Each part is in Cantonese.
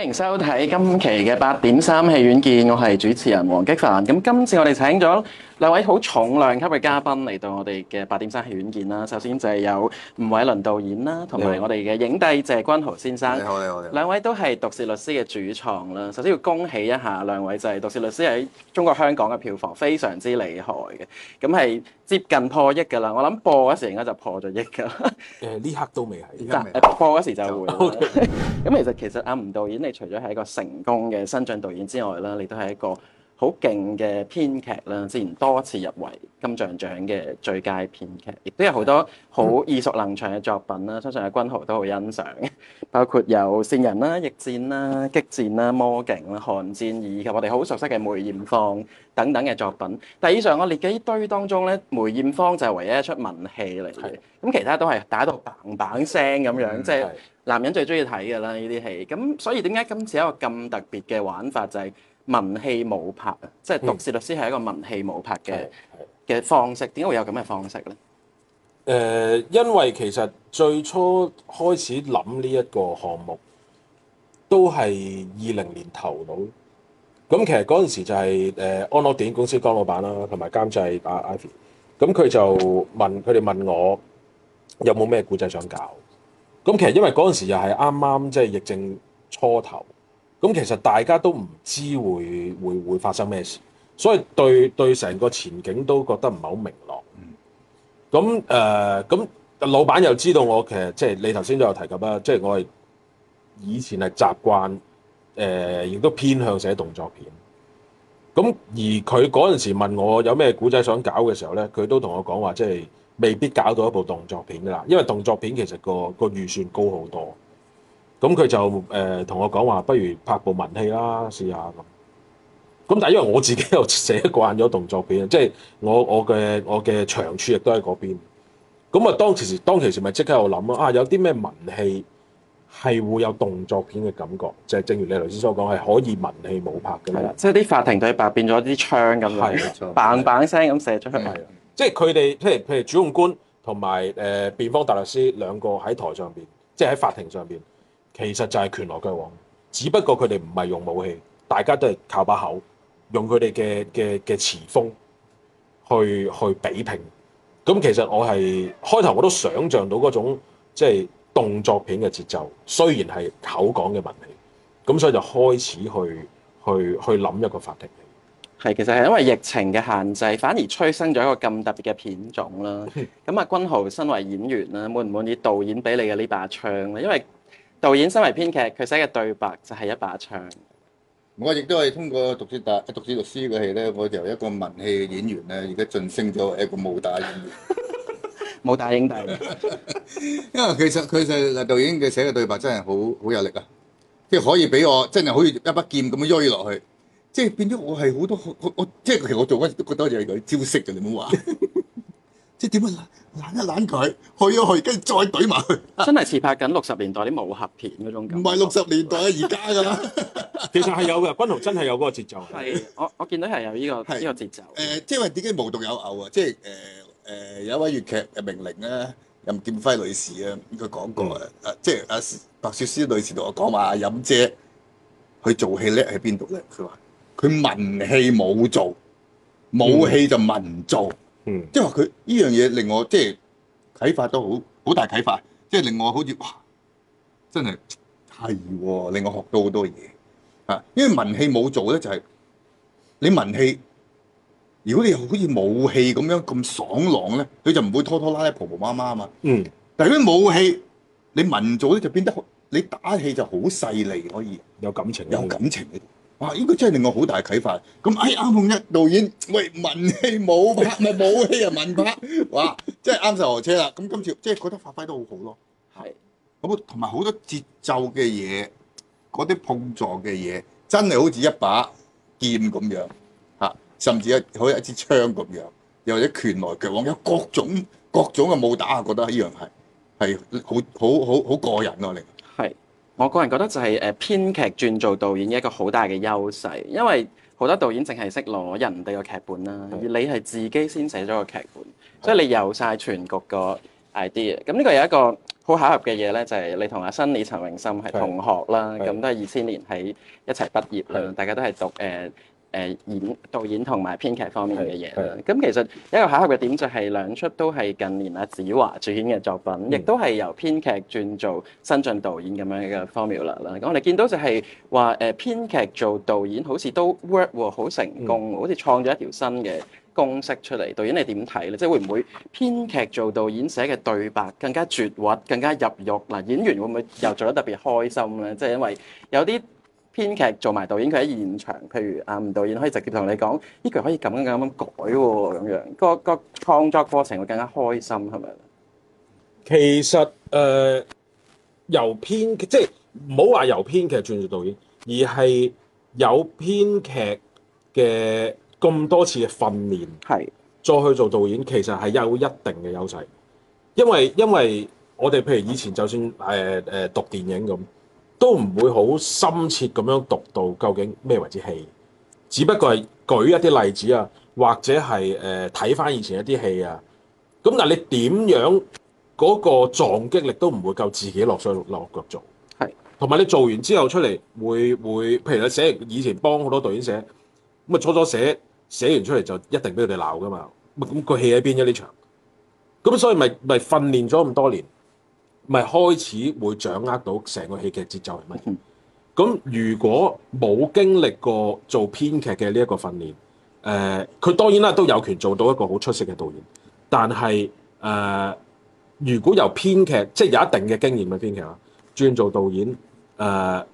歡迎收睇今期嘅八點三戲院見，我係主持人黃激凡。咁今次我哋請咗兩位好重量級嘅嘉賓嚟到我哋嘅八點三戲院見啦，首先就係有吳煒倫導演啦，同埋我哋嘅影帝謝君豪先生。你好，你好，你好！兩位都係毒舌律師嘅主創啦，首先要恭喜一下兩位，就係毒舌律師喺中國香港嘅票房非常之厲害嘅，咁係接近破億噶啦。我諗播嗰時應該就破咗億噶啦、呃。誒，呢刻都未係，但係、呃、播嗰時就會。咁其實其實阿吳導演，你除咗係一個成功嘅新晉導演之外啦，你都係一個。好勁嘅編劇啦，之前多次入圍金像獎嘅最佳編劇，亦都有好多好耳熟能詳嘅作品啦。相信阿君豪都好欣賞，包括有《線人》啦、《逆戰》啦、《激戰》啦、《魔警》啦、《寒戰》以及我哋好熟悉嘅《梅艷芳》等等嘅作品。但係以上我列嘅呢堆當中咧，《梅艷芳》就係唯一一出文戲嚟嘅，咁其他都係打到棒棒聲咁樣，即係男人最中意睇嘅啦呢啲戲。咁所以點解今次一個咁特別嘅玩法就係？文戲武拍，即係毒舌律師係一個文戲武拍嘅嘅方式。點解？嗯、會有咁嘅方式咧？誒、呃，因為其實最初開始諗呢一個項目，都係二零年頭到。咁其實嗰陣時就係誒安樂電影公司江老闆啦，同埋監製阿 Ivy，咁佢就問佢哋問我有冇咩故仔想搞。咁其實因為嗰陣時又係啱啱即係疫症初頭。咁其實大家都唔知會會會發生咩事，所以對對成個前景都覺得唔係好明朗。咁、呃、誒，咁老闆又知道我其實即係你頭先都有提及啦，即係我以前係習慣誒，亦、呃、都偏向寫動作片。咁而佢嗰陣時問我有咩古仔想搞嘅時候咧，佢都同我講話，即係未必搞到一部動作片㗎啦，因為動作片其實個個預算高好多。咁佢就誒同我講話，不如拍部文戲啦，試下咁。咁但因為我自己又寫慣咗動作片，即係我我嘅我嘅長處亦都喺嗰邊。咁啊，當其時當其時咪即刻我諗咯啊，有啲咩文戲係會有動作片嘅感覺？即係正如你頭先所講，係可以文戲武拍嘅。係啦，即係啲法庭對白變咗啲槍咁樣，棒棒聲咁射出去。即係佢哋，譬如譬如主控官同埋誒辯方大律師兩個喺台上邊，即係喺法庭上邊。其實就係拳來腳往，只不過佢哋唔係用武器，大家都係靠把口，用佢哋嘅嘅嘅詞風去去比拼。咁其實我係開頭我都想象到嗰種即係、就是、動作片嘅節奏，雖然係口講嘅文戲，咁所以就開始去去去諗一個法庭。係，其實係因為疫情嘅限制，反而催生咗一個咁特別嘅片種啦。咁阿君豪身為演員啦、啊，滿唔滿意導演俾你嘅呢把槍咧？因為導演身為編劇，佢寫嘅對白就係一把槍。我亦都係通過讀書打、讀書讀書嘅戲咧，我由一個文戲嘅演員咧，而家晉升咗一個武打演員。武 打影帝。 因為其實佢就導演嘅寫嘅對白真係好好有力啊！即係可以俾我真係好似一把劍咁樣鋭落去，即係變咗我係好多我，我即係其實我做乜都覺得有招式嘅，你唔好話。 即係點啊？攔一攔佢，去咗去，跟住再懟埋佢。真係似拍緊六十年代啲武俠片嗰種感。唔係六十年代啊，而家㗎啦。 其實係有嘅， 君豪真係有嗰個節奏。係，我我見到係有呢、這個呢是個節奏。誒、呃，即係點解自己無獨有偶啊，即係誒誒，有一位粵劇嘅名伶啊，任劍輝女士啊，佢講過、嗯、啊，即係阿白雪仙女士同我講話，阿、啊、任姐去做戲叻喺邊度咧？佢話說：佢文戲冇做，武戲就文做。嗯即係話佢呢樣嘢令我即係啟發都好好大啟發，即係令我好似哇，真係係喎，令我學到好多嘢啊！因為文戲武做咧就係、是、你文戲，如果你好似武戲咁樣咁爽朗咧，佢就唔會拖拖拉拉婆婆媽媽啊嘛。嗯，但係如果武戲你文做咧就變得好，你打戲就好細膩，可以有感情，有感情喺度。哇！應該真係令我好大啟發。咁阿煒倫導演，喂，文 戲冇拍咪武戲啊文拍，哇！真係啱晒河車啦。咁今次即係覺得發揮得好好咯。係是。咁同埋好多節奏嘅嘢，嗰啲碰撞嘅嘢，真係好似一把劍咁樣嚇，甚至一好似一支槍咁樣，又或者拳來腳往，有各種各種嘅武打，我覺得呢樣係係好好好好過癮咯、啊，你係。我個人覺得就係誒編劇轉做導演一個好大嘅優勢，因為好多導演淨係識攞人哋嘅劇本啦，而你係自己先寫咗個劇本，所以你有晒全局個 idea。咁呢個有一個好巧合嘅嘢呢，就係、是、你同阿新李陳詠燊係同學啦，咁是的 都係二千年喺一齊畢業啦，是的 大家都係讀誒。呃誒演、呃、導演同埋編劇方面嘅嘢，咁其實一個巧合嘅點就係兩出都係近年阿子華主演嘅作品，亦都係由編劇轉做新晉導演咁樣嘅 formula 啦。咁我哋見到就係話誒編劇做導演好似都 work 好成功，好似創咗一條新嘅公式出嚟。導演你點睇咧？即、就、係、是、會唔會編劇做導演寫嘅對白更加絕喎，更加入肉？嗱、呃，演員會唔會又做得特別開心咧？即、就、係、是、因為有啲。編劇做埋導演，佢喺現場，譬如啊，吳導演可以直接同你講，呢句可以咁咁咁改喎，咁樣個個創作過程會更加開心，係咪？其實誒、呃，由編即係唔好話由編劇轉做導演，而係有編劇嘅咁多次嘅訓練，係嘅再去做導演，其實係有一定嘅優勢，因為因為我哋譬如以前、嗯、就算誒誒、呃呃、讀電影咁。都唔會好深切咁樣讀到究竟咩為之戲，只不過係舉一啲例子啊，或者係誒睇翻以前一啲戲啊。咁但係你點樣嗰個撞擊力都唔會夠自己落水落腳做。係，同埋你做完之後出嚟會會，譬如你寫以前幫好多導演寫，咁啊初初寫寫完出嚟就一定俾佢哋鬧㗎嘛。咁佢戲喺邊？一呢場。咁所以咪咪訓練咗咁多年。咪開始會掌握到成個戲劇節奏係乜嘢。咁如果冇經歷過做編劇嘅呢一個訓練，佢、呃、當然啦都有權做到一個好出色嘅導演。但係、呃、如果由編劇即係、就是、有一定嘅經驗嘅編劇啊轉做導演，呃、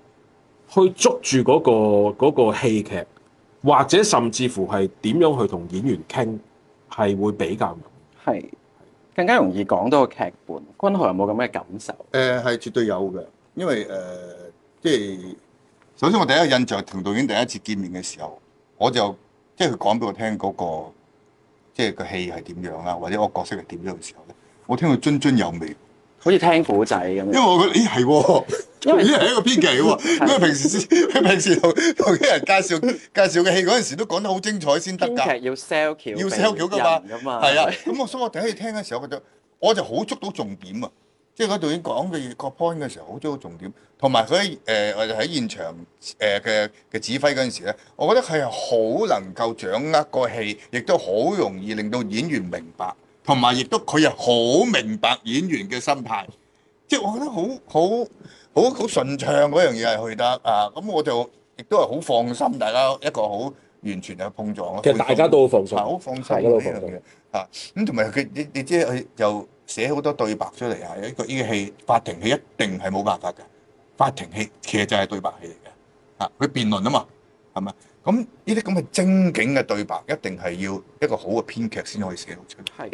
去捉住嗰、那個嗰、那個、戲劇，或者甚至乎係點樣去同演員傾，係會比較。係。更加容易講到個劇本，君豪有冇咁嘅感受？誒、呃，係絕對有嘅，因為誒，即、呃、係、就是、首先我第一個印象同導演第一次見面嘅時候，我就即係佢講俾我聽嗰、那個，即、就、係、是、個戲係點樣啦，或者我角色係點樣嘅時候咧，我聽到津津有味。好似聽古仔咁，因為我覺得咦係喎，因為呢係一個編劇喎，因為，因為平時是的 平時同同啲人介紹介紹嘅戲嗰陣時，都講得好精彩先得㗎。編劇要 sell 橋，要 sell 橋㗎嘛，係啊。咁我所以我第一次聽嘅時， 時、呃、時候，我覺得我就好捉到重點啊，即係佢導演講嘅個 point 嘅時候，好捉到重點。同埋佢誒我哋喺現場誒嘅嘅指揮嗰陣時咧，我覺得佢係好能夠掌握個戲，亦都好容易令到演員明白。同埋亦都佢又好明白演員嘅心態，即係我覺得好好好好順暢嗰樣嘢係去得啊！咁我就亦都係好放心，大家一個好完全嘅碰撞。其實大家都好放，放心，好放心呢樣嘢啊！咁同埋佢你你知佢又寫好多對白出嚟啊！一個呢個戲法庭戲一定係冇辦法嘅。法庭戲其實就係對白戲嚟嘅啊！佢辯論啊嘛，係咪？咁呢啲咁嘅精景嘅對白一定係要一個好嘅編劇先可以寫到出嚟。係。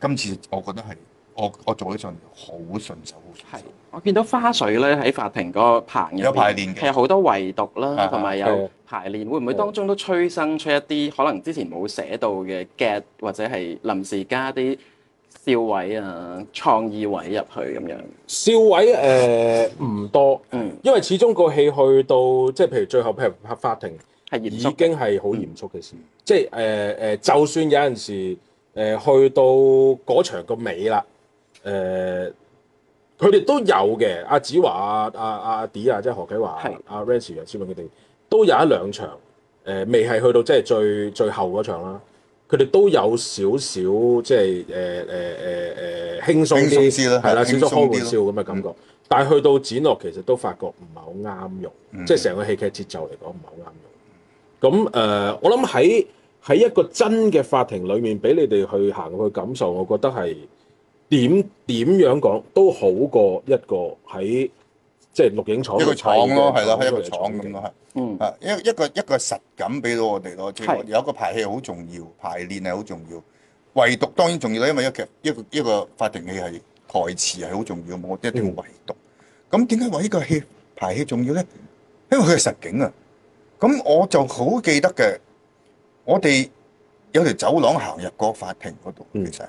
今次我覺得係我我做起上好順手，好順手。我見到花絮咧，喺法庭個棚入邊有排練，其實好多圍讀啦，同埋有排練。會唔會當中都催生出一啲可能之前冇寫到嘅 get，或者係臨時加啲笑位啊、創意位入去咁樣？笑位誒唔多，嗯，因為始終個戲去到即係譬如最後譬如拍法庭係已經係好嚴肅嘅事，嗯、即係誒誒，就算有陣時。誒去到嗰場個尾啦，誒佢哋都有嘅，阿子華、阿阿阿迪啊，即、啊、係、啊啊、何啟華、阿 Rance 的、啊、ance，楊思敏佢哋都有一兩場，誒、呃、未係去到即係最最後嗰場啦。佢哋都有少少即係誒誒誒誒輕鬆啲，係啦，少少開玩笑咁嘅感覺。但係去到剪落，其實都發覺唔係好啱用，嗯、即係成個戲劇節奏嚟講唔係好啱用。咁誒、嗯呃，我諗喺。喺一個真嘅法庭裏面，俾你哋去行去感受，我覺得係點點樣講都好過一個喺即係錄影廠，廠一個廠咯，係咯，係一個廠咁咯，係啊一一個一個實感俾到我哋咯，即係、嗯、有一個排戲好重要，排練係好重要，唯獨當然重要啦，因為一個劇一個一個法庭戲係台詞係好重要，我一定要唯獨。咁點解話呢個戲排戲重要咧？因為佢係實景啊。咁我就好記得嘅。我哋有條走廊行入個法庭嗰度，其實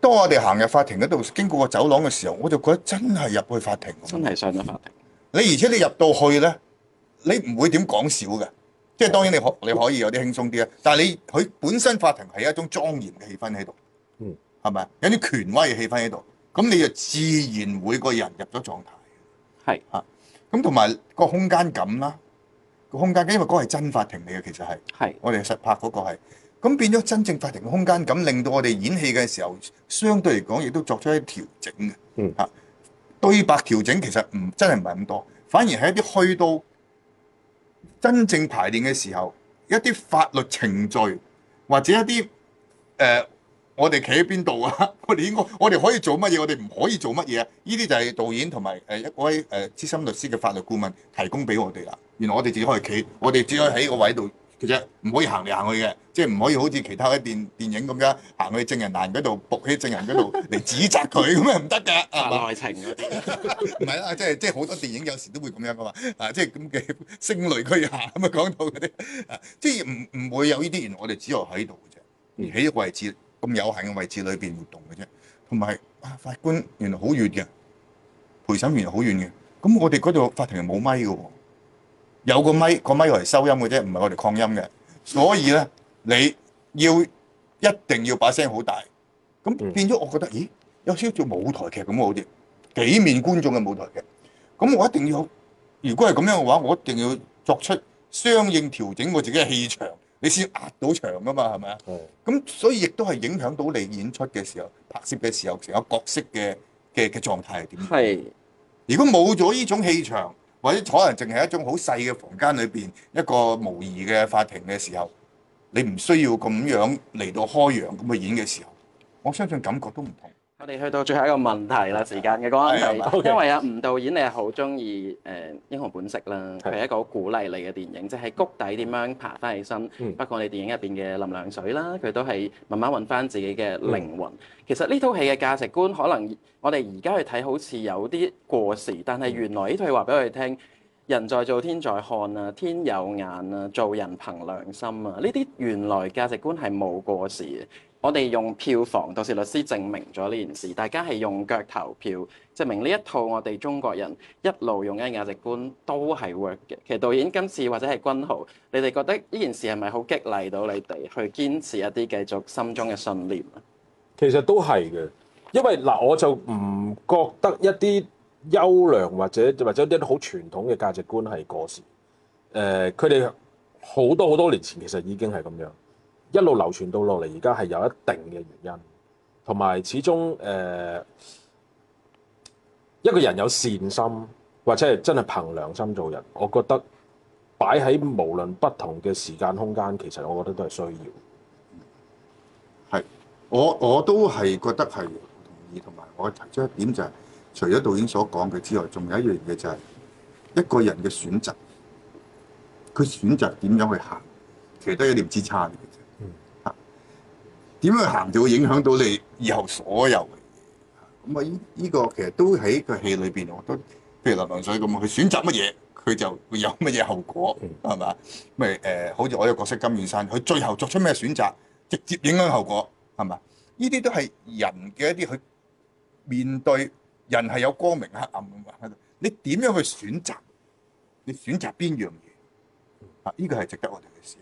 當我哋行入法庭嗰度，經過個走廊嘅時候，我就覺得真係入去法庭，真係上咗法庭。你而且你入到去咧，你唔會點講笑嘅，即係當然你可你可以有啲輕鬆啲啦。的但係你佢本身法庭係一種莊嚴嘅氣氛喺度，嗯的，係咪有啲權威嘅氣氛喺度，咁你就自然每個人入咗狀態，係嚇的。咁同埋個空間感啦。個空間嘅，因為嗰個係真法庭嚟嘅，其實係，係，我哋實拍嗰個係，咁變咗真正法庭嘅空間，咁令到我哋演戲嘅時候，相對嚟講亦都作出一啲調整嘅，吓、嗯啊、對白調整其實唔真係唔係咁多，反而係一啲去到真正排練嘅時候，一啲法律程序或者一啲誒。呃我哋企喺邊度啊？我哋應該，我哋可以做乜嘢？我哋唔可以做乜嘢啊？呢啲就係導演同埋誒一位誒資深律師嘅法律顧問提供俾我哋啦。原來我哋自己可以企，我哋只可以喺個位度其實，唔可以行嚟行去嘅，即係唔可以好似其他嘅電電影咁樣行去證人欄嗰度，僕起證人嗰度嚟指責佢咁樣唔得㗎啊！內情嗰啲，唔係啦，即係即係好多電影有時都會咁樣㗎嘛啊！即係咁嘅聲雷區啊。咁啊，講到嗰啲即係唔唔會有呢啲，原來我哋只有喺度嘅啫，喺個位置。咁有限嘅位置裏邊活動嘅啫，同埋啊法官原來好遠嘅，陪審員好遠嘅，咁我哋嗰度法庭係冇咪嘅喎。哦，有個咪，個咪係收音嘅啫，唔係我哋擴音嘅，所以咧你要一定要把聲好大，咁變咗我覺得，咦有少少做舞台劇咁好似，幾面觀眾嘅舞台劇，咁我一定要，如果係咁樣嘅話，我一定要作出相應調整我自己嘅氣場。你先壓到場噶嘛，係咪啊？咁係所以亦都係影響到你演出嘅時候、拍攝嘅時候、成個角色嘅嘅嘅狀態係點？係如果冇咗呢種氣場，或者可能淨係一種好細嘅房間裏邊一個模擬嘅法庭嘅時候，你唔需要咁樣嚟到開揚咁去演嘅時候，我相信感覺都唔同。我哋去到最後一個問題啦，時間嘅關係，okay. 因為阿吳導演你係好中意誒《英雄本色》啦的，佢係一個好鼓勵你嘅電影，即係谷底點樣爬翻起身。不過的我哋電影入邊嘅林涼水啦，佢都係慢慢揾翻自己嘅靈魂。的其實呢套戲嘅價值觀可能我哋而家去睇好似有啲過時，但係原來呢套戲話俾我哋聽，人在做天在看啊，天有眼啊，做人憑良心啊，呢啲原來價值觀係冇過時嘅。我哋用票房，毒舌律師證明咗呢件事，大家係用腳投票證明呢一套我哋中國人一路用嘅價值觀都係 work 嘅。其實導演今次或者係君豪，你哋覺得呢件事係咪好激勵到你哋去堅持一啲繼續心中嘅信念啊？其實都係嘅，因為嗱，我就唔覺得一啲優良或者或者一啲好傳統嘅價值觀係過時誒，佢哋好多好多年前其實已經係咁樣。一路流傳到落嚟，而家係有一定嘅原因，同埋始終誒一個人有善心，或者係真係憑良心做人，我覺得擺喺無論不同嘅時間空間，其實我覺得都係需要。係我我都係覺得係同意，同埋我提出一點就係、係，除咗導演所講嘅之外，仲有一樣嘢，就係一個人嘅選擇，佢選擇點樣去行，其實都有一點之差。點樣行就會影響到你以後所有嘅嘢。咁啊，呢呢個其實都喺個戲裏邊，我都譬如林涼水咁，佢選擇乜嘢，佢就會有乜嘢後果，係嘛？咩誒？好似我嘅角色金遠山，佢最後作出咩選擇，直接影響後果，係嘛？呢啲都係人嘅一啲，佢面對人係有光明黑暗咁啊。你點樣去選擇？你選擇邊樣嘢啊？呢個係值得我哋去思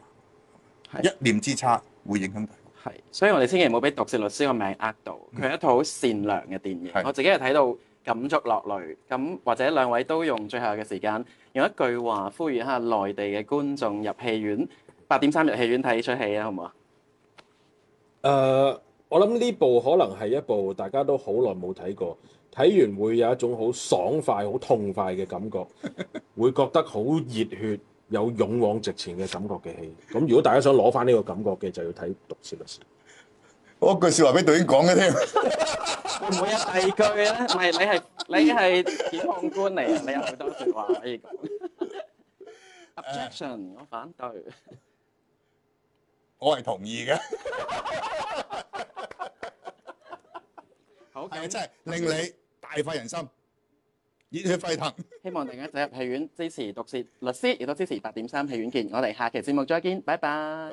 考，的一念之差會影響大。係，所以我哋千祈唔好俾《毒舌律師》個名呃到，佢一套好善良嘅電影，的我自己係睇到感觸落淚。咁或者兩位都用最後嘅時間，用一句話呼籲下內地嘅觀眾入戲院八點三入戲院睇呢出戲啊，好唔好啊？誒、呃，我諗呢部可能係一部大家都好耐冇睇過，睇完會有一種好爽快、好痛快嘅感覺， 會覺得好熱血，有勇往直前嘅感覺嘅戲，咁如果大家想攞翻呢個感覺嘅，就要睇《毒舌律師》。我一句説話俾導演講嘅添，會唔會有第二句咧？咪你係你係檢控官嚟，你有好多説話可以講。Objection，我反對。我係同意嘅。好嘅，真係令你大快人心。熱血沸騰， 希望大家走入戲院支持毒舌律師，亦都支持八點三戲院見。我哋下期節目再見，拜拜。